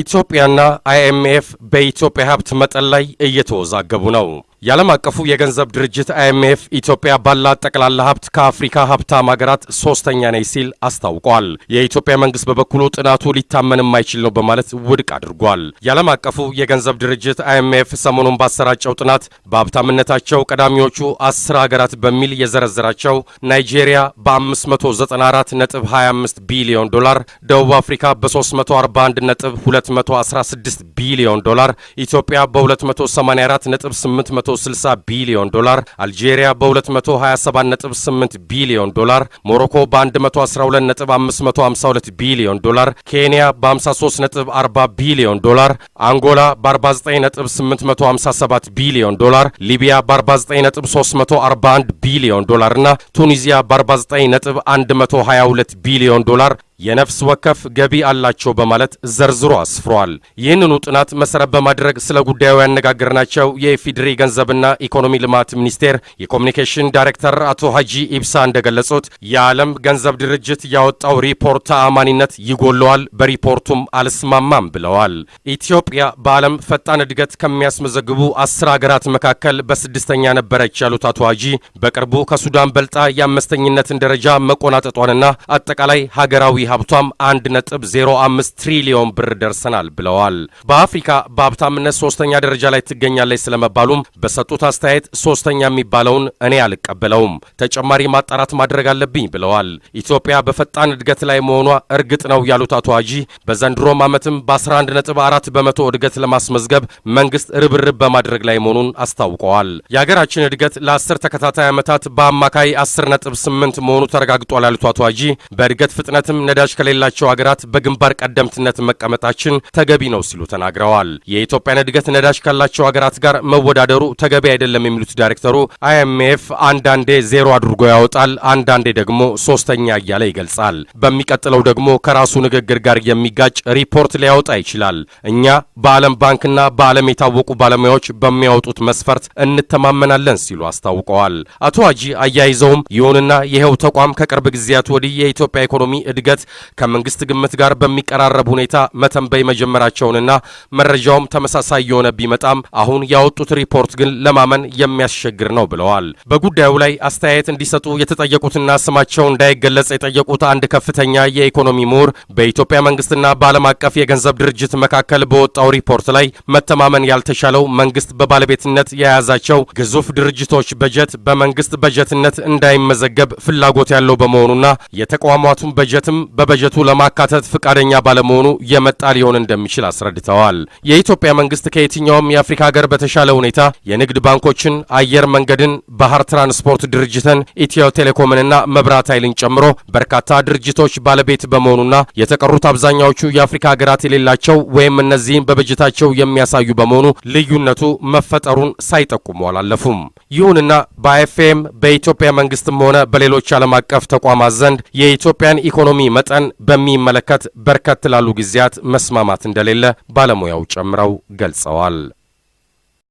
ኢትዮጵያና አይኤምኤፍ በኢትዮጵያ ሀብት መጠን ላይ እየተወዛገቡ ነው። የዓለም አቀፉ የገንዘብ ድርጅት አይኤምኤፍ ኢትዮጵያ ባላት ጠቅላላ ሀብት ከአፍሪካ ሀብታም ሀገራት ሶስተኛ ነች ሲል አስታውቋል። የኢትዮጵያ መንግስት በበኩሉ ጥናቱ ሊታመን የማይችል ነው በማለት ውድቅ አድርጓል። የዓለም አቀፉ የገንዘብ ድርጅት አይኤምኤፍ ሰሞኑን ባሰራጨው ጥናት በሀብታምነታቸው ቀዳሚዎቹ አስር ሀገራት በሚል የዘረዘራቸው ናይጄሪያ በ 25 ቢሊዮን ዶላር፣ ደቡብ አፍሪካ በ 341 216 ቢሊዮን ዶላር፣ ኢትዮጵያ በ284.8 በ160 ቢሊዮን ዶላር፣ አልጄሪያ በ227.8 ቢሊዮን ዶላር፣ ሞሮኮ በ112.552 ቢሊዮን ዶላር፣ ኬንያ በ53.40 ቢሊዮን ዶላር፣ አንጎላ በ49.857 ቢሊዮን ዶላር፣ ሊቢያ በ49.341 ቢሊዮን ዶላር እና ቱኒዚያ በ49.122 ቢሊዮን ዶላር የነፍስ ወከፍ ገቢ አላቸው በማለት ዘርዝሮ አስፍሯል። ይህንኑ ጥናት መሰረት በማድረግ ስለ ጉዳዩ ያነጋገርናቸው የኢፌዴሪ ገንዘብና ኢኮኖሚ ልማት ሚኒስቴር የኮሚኒኬሽን ዳይሬክተር አቶ ሀጂ ኢብሳ እንደገለጹት የዓለም ገንዘብ ድርጅት ያወጣው ሪፖርት ተአማኒነት ይጎለዋል፣ በሪፖርቱም አልስማማም ብለዋል። ኢትዮጵያ በዓለም ፈጣን እድገት ከሚያስመዘግቡ አስር ሀገራት መካከል በስድስተኛ ነበረች ያሉት አቶ ሀጂ በቅርቡ ከሱዳን በልጣ የአምስተኝነትን ደረጃ መቆናጠጧንና አጠቃላይ ሀገራዊ ሀብቷም 1.05 ትሪሊዮን ብር ደርሰናል ብለዋል። በአፍሪካ በሀብታምነት ሶስተኛ ደረጃ ላይ ትገኛለች ስለመባሉም በሰጡት አስተያየት ሶስተኛ የሚባለውን እኔ አልቀበለውም፣ ተጨማሪ ማጣራት ማድረግ አለብኝ ብለዋል። ኢትዮጵያ በፈጣን እድገት ላይ መሆኗ እርግጥ ነው ያሉት አቶ አጂ በዘንድሮም ዓመትም በ11.4 በመቶ እድገት ለማስመዝገብ መንግስት ርብርብ በማድረግ ላይ መሆኑን አስታውቀዋል። የሀገራችን እድገት ለአስር ተከታታይ ዓመታት በአማካይ 10.8 መሆኑ ተረጋግጧል ያሉት አቶ አጂ በእድገት ፍጥነትም ነዳ ወዳጅ ከሌላቸው ሀገራት በግንባር ቀደምትነት መቀመጣችን ተገቢ ነው ሲሉ ተናግረዋል። የኢትዮጵያን እድገት ነዳጅ ካላቸው ሀገራት ጋር መወዳደሩ ተገቢ አይደለም የሚሉት ዳይሬክተሩ አይኤምኤፍ አንዳንዴ ዜሮ አድርጎ ያወጣል፣ አንዳንዴ ደግሞ ሶስተኛ እያለ ይገልጻል። በሚቀጥለው ደግሞ ከራሱ ንግግር ጋር የሚጋጭ ሪፖርት ሊያወጣ ይችላል። እኛ በዓለም ባንክና በዓለም የታወቁ ባለሙያዎች በሚያወጡት መስፈርት እንተማመናለን ሲሉ አስታውቀዋል። አቶ አጂ አያይዘውም ይሁንና ይኸው ተቋም ከቅርብ ጊዜያት ወዲህ የኢትዮጵያ ኢኮኖሚ እድገት በማለት ከመንግስት ግምት ጋር በሚቀራረብ ሁኔታ መተንበይ መጀመራቸውንና መረጃውም ተመሳሳይ የሆነ ቢመጣም አሁን ያወጡት ሪፖርት ግን ለማመን የሚያስቸግር ነው ብለዋል። በጉዳዩ ላይ አስተያየት እንዲሰጡ የተጠየቁትና ስማቸው እንዳይገለጽ የጠየቁት አንድ ከፍተኛ የኢኮኖሚ ምሁር በኢትዮጵያ መንግስትና በዓለም አቀፍ የገንዘብ ድርጅት መካከል በወጣው ሪፖርት ላይ መተማመን ያልተቻለው መንግስት በባለቤትነት የያዛቸው ግዙፍ ድርጅቶች በጀት በመንግስት በጀትነት እንዳይመዘገብ ፍላጎት ያለው በመሆኑና የተቋማቱን በጀትም በበጀቱ ለማካተት ፈቃደኛ ባለመሆኑ የመጣ ሊሆን እንደሚችል አስረድተዋል። የኢትዮጵያ መንግስት ከየትኛውም የአፍሪካ ሀገር በተሻለ ሁኔታ የንግድ ባንኮችን፣ አየር መንገድን፣ ባህር ትራንስፖርት ድርጅትን፣ ኢትዮ ቴሌኮምንና መብራት ኃይልን ጨምሮ በርካታ ድርጅቶች ባለቤት በመሆኑና የተቀሩት አብዛኛዎቹ የአፍሪካ ሀገራት የሌላቸው ወይም እነዚህም በበጀታቸው የሚያሳዩ በመሆኑ ልዩነቱ መፈጠሩን ሳይጠቁሙ አላለፉም። ይሁንና በአይኤፍኤም በኢትዮጵያ መንግስትም ሆነ በሌሎች ዓለም አቀፍ ተቋማት ዘንድ የኢትዮጵያን ኢኮኖሚ መጠን በሚመለከት በርከት ላሉ ጊዜያት መስማማት እንደሌለ ባለሙያው ጨምረው ገልጸዋል።